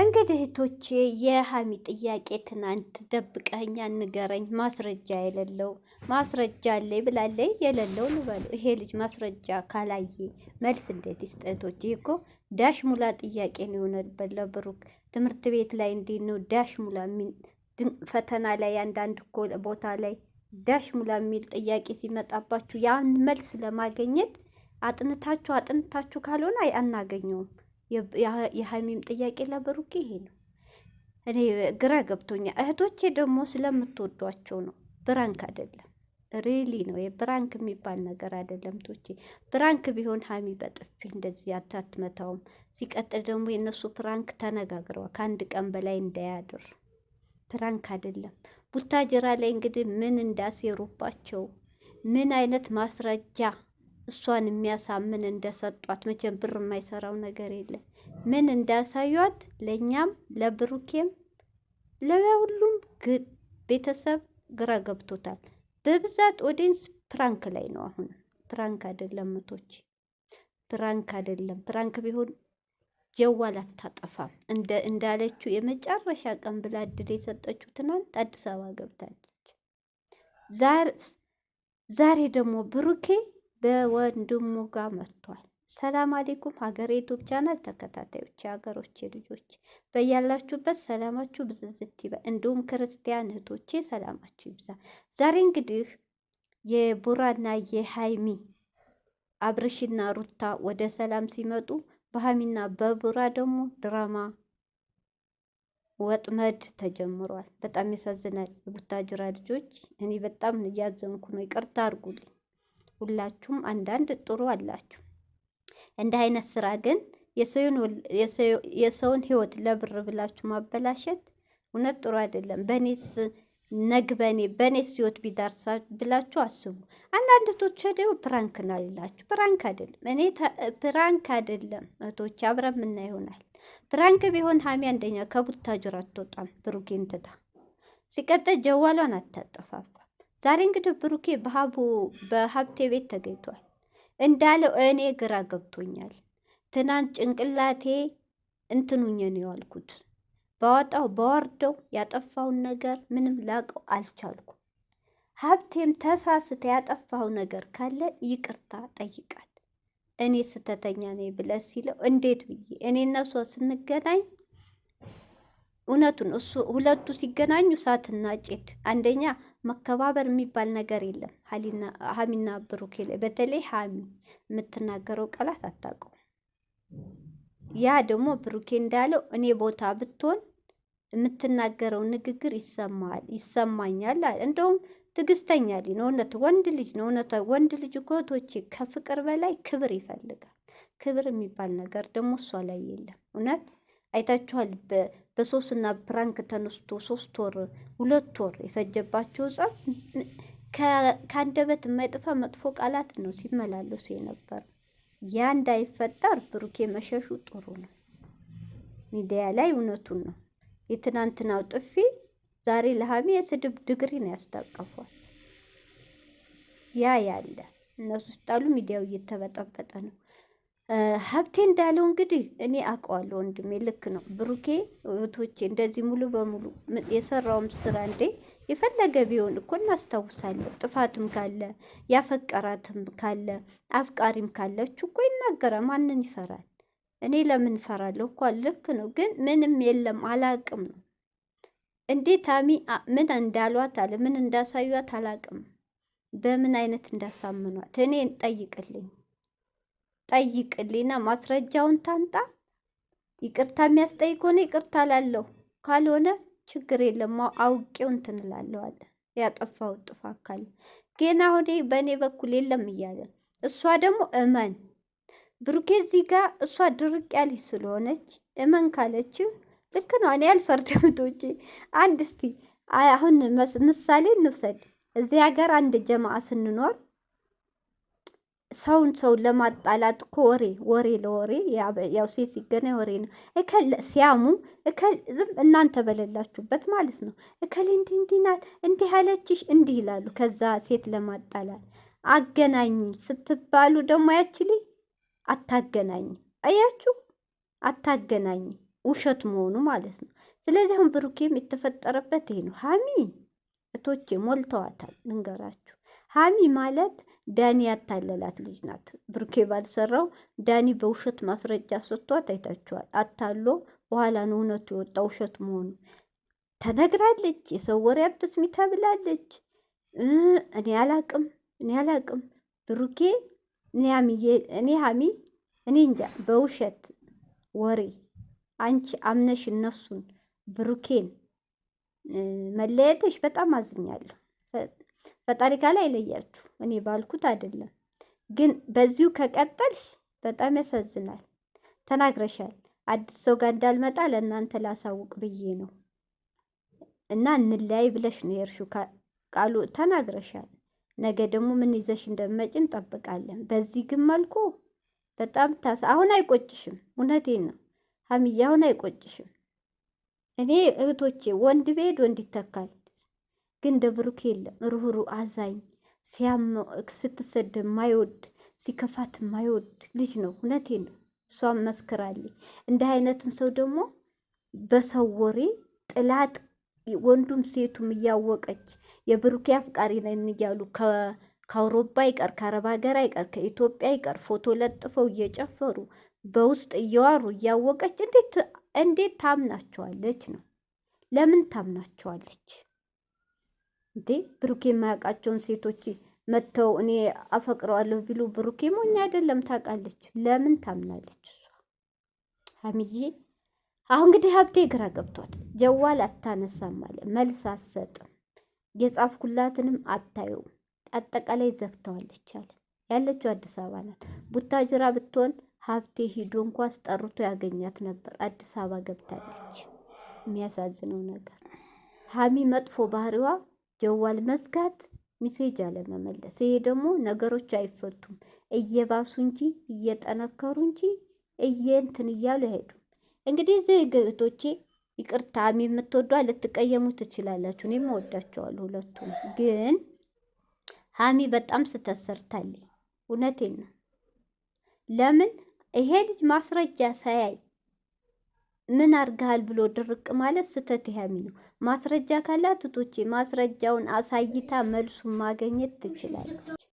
እንግዲህ እህቶቼ የሀሚ ጥያቄ ትናንት ደብቀኛ ንገረኝ፣ ማስረጃ የሌለው ማስረጃ አለኝ ብላለኝ። የሌለው ንበሉ። ይሄ ልጅ ማስረጃ ካላየ መልስ እንዴት ይስጥ? እህቶቼ እኮ ዳሽ ሙላ ጥያቄ ነው የሆነበት ብሩክ ትምህርት ቤት ላይ እንዲ ነው ዳሽ ሙላ ፈተና ላይ አንዳንድ እኮ ቦታ ላይ ዳሽ ሙላ የሚል ጥያቄ ሲመጣባችሁ ያን መልስ ለማገኘት አጥንታችሁ አጥንታችሁ ካልሆነ አናገኘውም። የሀይሚም ጥያቄ ለብሩኬ ይሄ ነው። እኔ ግራ ገብቶኛል። እህቶቼ ደግሞ ስለምትወዷቸው ነው፣ ብራንክ አይደለም። ሬሊ ነው የብራንክ የሚባል ነገር አይደለም። ቶቼ ብራንክ ቢሆን ሀሚ በጥፊ እንደዚህ አታትመታውም። ሲቀጥል ደግሞ የእነሱ ፕራንክ ተነጋግረዋል፣ ከአንድ ቀን በላይ እንዳያድር ፕራንክ አይደለም። ቡታጅራ ላይ እንግዲህ ምን እንዳሴሩባቸው ምን አይነት ማስረጃ እሷን የሚያሳምን እንደሰጧት መቼም ብር የማይሰራው ነገር የለም። ምን እንዳሳዩት ለእኛም ለብሩኬም ለሁሉም ቤተሰብ ግራ ገብቶታል። በብዛት ኦዲንስ ፕራንክ ላይ ነው። አሁን ፕራንክ አይደለም፣ ምቶች ፕራንክ አይደለም። ፕራንክ ቢሆን ጀዋል አታጠፋም። እንዳለችው የመጨረሻ ቀን ብላ እድል የሰጠችው ትናንት አዲስ አበባ ገብታለች። ዛሬ ደግሞ ብሩኬ በወንድሙ ጋር መጥቷል። ሰላም አሌኩም ሀገር ዩቱብ ቻናል ተከታታዮች፣ የሀገሮቼ ልጆች በያላችሁበት ሰላማችሁ ብዝዝት ይበል። እንዲሁም ክርስቲያን እህቶቼ ሰላማችሁ ይብዛ። ዛሬ እንግዲህ የቡራና የሀይሚ አብርሽና ሩታ ወደ ሰላም ሲመጡ በሀሚና በቡራ ደግሞ ድራማ ወጥመድ ተጀምሯል። በጣም ያሳዝናል። የቡታጅራ ልጆች እኔ በጣም እያዘንኩ ነው። ይቅርታ አድርጉልኝ። ሁላችሁም አንዳንድ ጥሩ አላችሁ። እንዲህ አይነት ስራ ግን የሰውን ህይወት ለብር ብላችሁ ማበላሸት እውነት ጥሩ አይደለም። በእኔስ ነግ በእኔ በእኔስ ህይወት ቢዳርሳ ብላችሁ አስቡ። አንዳንድ እህቶች ደግሞ ፕራንክ ነው ይላችሁ። ፕራንክ አይደለም፣ እኔ ፕራንክ አይደለም። እህቶች አብረን ምና ይሆናል። ፕራንክ ቢሆን ሀሚ አንደኛ ከቡታጅራ አትወጣም፣ ብሩኬን ትታ ሲቀጥል ጀዋሏን አታጠፋፋ ዛሬ እንግዲህ ብሩኬ በሀቡ በሀብቴ ቤት ተገኝቷል። እንዳለው እኔ ግራ ገብቶኛል። ትናንት ጭንቅላቴ እንትኑኝ ነው ያልኩት። ባወጣው በወርደው ያጠፋውን ነገር ምንም ላቀው አልቻልኩ ሀብቴም ተሳስተ ያጠፋው ነገር ካለ ይቅርታ ጠይቃል። እኔ ስተተኛ ነኝ ብለ ሲለው እንዴት ብዬ እኔ እነሷ ስንገናኝ እውነቱን እሱ ሁለቱ ሲገናኙ እሳትና ጭድ። አንደኛ መከባበር የሚባል ነገር የለም። ሀሚና ብሩኬ ላይ በተለይ ሀሚ የምትናገረው ቃላት አታውቅም። ያ ደግሞ ብሩኬ እንዳለው እኔ ቦታ ብትሆን የምትናገረው ንግግር ይሰማል ይሰማኛል እንደውም ትዕግስተኛ ልጅ ነው። እውነት ወንድ ልጅ ነው። እውነት ወንድ ልጅ ጎቶቼ ከፍቅር በላይ ክብር ይፈልጋል። ክብር የሚባል ነገር ደግሞ እሷ ላይ የለም። እውነት አይታችኋል። በሶስትና ፕራንክ ተነስቶ ሶስት ወር ሁለት ወር የፈጀባቸው ጸብ ከአንደበት የማይጠፋ መጥፎ ቃላት ነው ሲመላለሱ የነበር። ያ እንዳይፈጠር ብሩኬ መሸሹ ጥሩ ነው። ሚዲያ ላይ እውነቱን ነው። የትናንትናው ጥፊ ዛሬ ለሀሚ የስድብ ድግሪ ነው ያስታቀፏል። ያ ያለ እነሱ ሲጣሉ ሚዲያው እየተበጠበጠ ነው። ሀብቴ እንዳለው እንግዲህ እኔ አውቀዋለሁ ወንድሜ፣ ልክ ነው ብሩኬ። እህቶቼ እንደዚህ ሙሉ በሙሉ የሰራውም ስራ እንዴ የፈለገ ቢሆን እኮ እናስታውሳለን። ጥፋትም ካለ ያፈቀራትም ካለ አፍቃሪም ካለች እኮ ይናገራል። ማንን ይፈራል? እኔ ለምን ፈራለሁ? እኳ ልክ ነው፣ ግን ምንም የለም አላቅም ነው እንዴ ታሚ። ምን እንዳሏት አለ ምን እንዳሳዩት አላቅም፣ በምን አይነት እንዳሳምኗት እኔ ጠይቅልኝ ጠይቅልኝና ማስረጃውን ታንጣ። ይቅርታ የሚያስጠይቅ ከሆነ ይቅርታ ላለሁ፣ ካልሆነ ችግር የለም አውቄው እንትን እላለዋለን። ያጠፋው ጥፋት ካለ ግን አሁን በእኔ በኩል የለም እያለ እሷ ደግሞ እመን ብሩኬ እዚህ ጋር እሷ ድርቅ ያለች ስለሆነች እመን ካለች ልክ ነው። እኔ አልፈርድም። ውጪ አንድ እስቲ አሁን ምሳሌ እንውሰድ። እዚህ ሀገር አንድ ጀማአ ስንኖር ሰውን ሰው ለማጣላት እኮ ወሬ ወሬ ለወሬ ያው ሴት ሲገናኝ ወሬ ነው። እከል ሲያሙ እከል ዝም እናንተ በሌላችሁበት ማለት ነው። እከል እንዲህ እንዲህ ናት እንዲህ ያለችሽ እንዲህ ይላሉ። ከዛ ሴት ለማጣላት አገናኝ ስትባሉ ደግሞ ያችል አታገናኝ፣ አያችሁ አታገናኝ፣ ውሸት መሆኑ ማለት ነው። ስለዚህ አሁን ብሩኬም የተፈጠረበት ይሄ ነው። ሀሚ እቶቼ ሞልተዋታል፣ ልንገራችሁ ሀሚ ማለት ዳኒ ያታለላት ልጅ ናት። ብሩኬ ባልሰራው ዳኒ በውሸት ማስረጃ ሰጥቷት አይታችኋል። አታሎ በኋላ ነው እውነቱ የወጣ ውሸት መሆኑ ተነግራለች። የሰው ወሬ አትስሚ ተብላለች። እኔ አላቅም እኔ አላቅም ብሩኬ እኔ ሀሚ እኔ እንጃ በውሸት ወሬ አንቺ አምነሽ እነሱን ብሩኬን መለየትሽ በጣም አዝኛለሁ። ፈጣሪ ካለ አይለያችሁ። እኔ ባልኩት አይደለም፣ ግን በዚሁ ከቀጠልሽ በጣም ያሳዝናል። ተናግረሻል። አዲስ ሰው ጋር እንዳልመጣ ለእናንተ ላሳውቅ ብዬ ነው እና እንለያይ ብለሽ ነው የእርሹ ቃሉ ተናግረሻል። ነገ ደግሞ ምን ይዘሽ እንደመጭ እንጠብቃለን። በዚህ ግን መልኩ በጣም ታስ አሁን አይቆጭሽም? እውነቴን ነው ሀሚዬ፣ አሁን አይቆጭሽም? እኔ እህቶቼ ወንድ ብሄድ ወንድ ይተካል። ግን ደብሩክ የለም ሩህሩ አዛኝ ስትሰደ ማይወድ ሲከፋት ማይወድ ልጅ ነው። እውነቴ ነው። እሷም መስክራለች። እንዲህ አይነትን ሰው ደግሞ በሰው ወሬ ጥላት ወንዱም ሴቱም እያወቀች የብሩኬ አፍቃሪ ነን እያሉ ከአውሮፓ ይቀር ከአረብ ሀገር አይቀር ከኢትዮጵያ ይቀር ፎቶ ለጥፈው እየጨፈሩ በውስጥ እየዋሩ እያወቀች እንዴት ታምናቸዋለች ነው? ለምን ታምናቸዋለች? እንዴ ብሩኬ የማያውቃቸውን ሴቶች መጥተው እኔ አፈቅረዋለሁ ቢሉ ብሩኬ ሞኝ አይደለም፣ ታውቃለች። ለምን ታምናለች? እሷ ሀሚዬ አሁን እንግዲህ ሀብቴ ግራ ገብቷት ጀዋል አታነሳም አለ፣ መልስ አትሰጥም፣ የጻፍኩላትንም አታየውም፣ አጠቃላይ ዘግተዋለች አለ። ያለችው አዲስ አበባ ናት። ቡታጅራ ብትሆን ሀብቴ ሂዶ እንኳስ ጠርቶ ያገኛት ነበር። አዲስ አበባ ገብታለች። የሚያሳዝነው ነገር ሀሚ መጥፎ ባህሪዋ ጀዋል መዝጋት፣ ሚሴጅ አለመመለስ። ይሄ ደግሞ ነገሮች አይፈቱም፣ እየባሱ እንጂ እየጠነከሩ እንጂ እየንትን እያሉ አይሄዱም። እንግዲህ እዚህ እህቶቼ ይቅርታ አሚ የምትወዷ ልትቀየሙ ትችላላችሁ። እኔም እወዳቸዋለሁ ሁለቱም። ግን ሀሚ በጣም ስተሰርታለኝ እውነቴን ነው። ለምን ይሄ ልጅ ማስረጃ ሳያይ ምን አርግሃል ብሎ ድርቅ ማለት ስተት ያሚ ነው። ማስረጃ ካላት ቶቼ ማስረጃውን አሳይታ መልሱን ማገኘት ትችላለች።